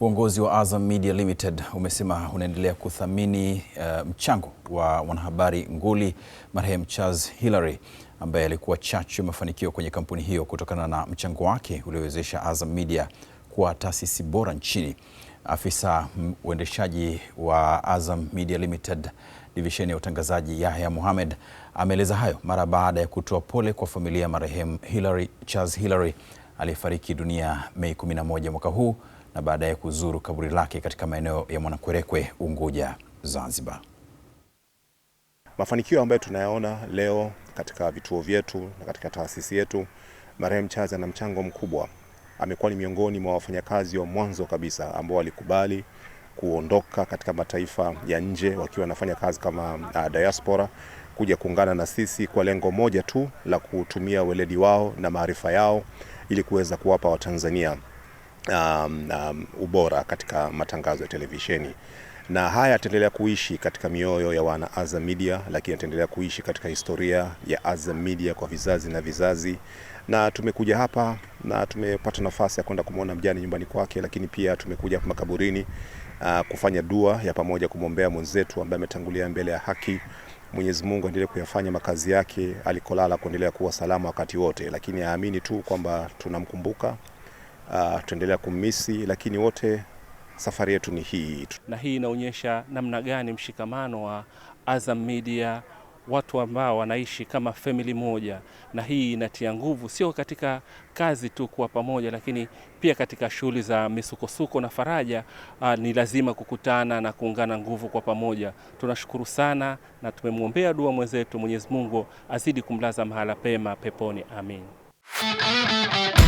Uongozi wa Azam Media Limited umesema unaendelea kuthamini uh, mchango wa mwanahabari nguli marehemu Charles Hilary ambaye alikuwa chachu ya mafanikio kwenye kampuni hiyo kutokana na mchango wake uliowezesha Azam Media kuwa taasisi bora nchini. Afisa uendeshaji wa Azam Media Limited divisheni ya utangazaji Yahya Mohamed ameeleza hayo mara baada ya kutoa pole kwa familia ya marehemu Hilary Charles Hilary aliyefariki dunia Mei 11 mwaka huu na baadaye kuzuru kaburi lake katika maeneo ya Mwanakwerekwe, Unguja, Zanzibar. Mafanikio ambayo tunayaona leo katika vituo vyetu na katika taasisi yetu, marehemu Charles ana mchango mkubwa. Amekuwa ni miongoni mwa wafanyakazi wa mwanzo kabisa ambao walikubali kuondoka katika mataifa ya nje wakiwa wanafanya kazi kama uh, diaspora kuja kuungana na sisi kwa lengo moja tu la kutumia weledi wao na maarifa yao ili kuweza kuwapa Watanzania um, um, ubora katika matangazo ya televisheni na haya yataendelea kuishi katika mioyo ya wana Azam Media, lakini yataendelea kuishi katika historia ya Azam Media kwa vizazi na vizazi. Na tumekuja hapa na tumepata nafasi ya kwenda kumwona mjane nyumbani kwake, lakini pia tumekuja hapa makaburini uh, kufanya dua ya pamoja kumwombea mwenzetu ambaye ametangulia mbele ya haki. Mwenyezi Mungu aendelee kuyafanya makazi yake alikolala kuendelea kuwa salama wakati wote, lakini aamini tu kwamba tunamkumbuka uh, tutaendelea kummisi, lakini wote safari yetu ni hii tu, na hii inaonyesha namna gani mshikamano wa Azam Media watu ambao wanaishi kama family moja, na hii inatia nguvu sio katika kazi tu kuwa pamoja, lakini pia katika shughuli za misukosuko na faraja. Aa, ah, ni lazima kukutana na kuungana nguvu kwa pamoja. Tunashukuru sana na tumemwombea dua mwenzetu, Mwenyezi Mungu azidi kumlaza mahala pema peponi, amin.